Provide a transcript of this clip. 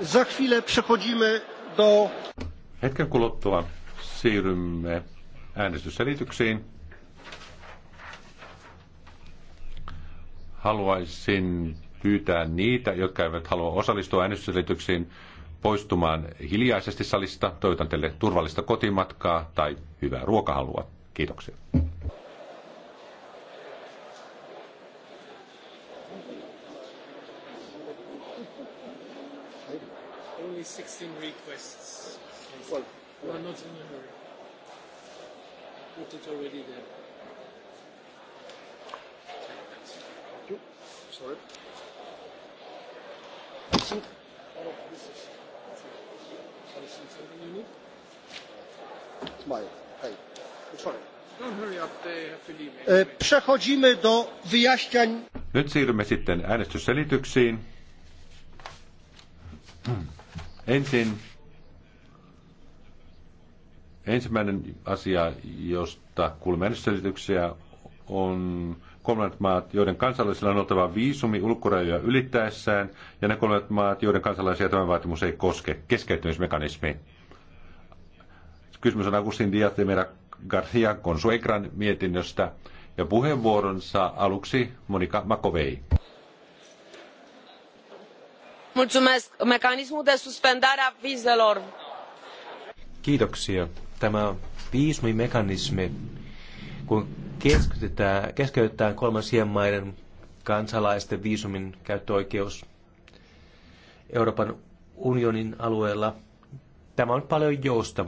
Za chwilę przechodzimy do... Hetken kuluttua siirrymme äänestysselityksiin. Haluaisin pyytää niitä, jotka eivät halua osallistua äänestysselityksiin, poistumaan hiljaisesti salista. Toivotan teille turvallista kotimatkaa tai hyvää ruokahalua. Kiitoksia. only 16 requests. Well, we are not in a hurry. put it already there. Thank you. Sorry. I think all of this is. Something you need? Sorry. Przechodzimy do wyjaśniań. Nyt siirrymme sitten äänestysselityksiin. Ensin ensimmäinen asia, josta kuulemme on kolmannet maat, joiden kansalaisilla on oltava viisumi ulkorajoja ylittäessään, ja ne kolmannet maat, joiden kansalaisia tämä vaatimus ei koske, keskeytymismekanismi. Kysymys on Agustin Diaz de Mera Garcia Consuegran mietinnöstä, ja puheenvuoronsa aluksi Monika Makovei de suspendare a vizelor. Kiitoksia. Tämä viisumimekanismi, kun keskitytään, keskeytetään kolmansien maiden kansalaisten viisumin käyttöoikeus Euroopan unionin alueella, tämä on paljon joustavaa.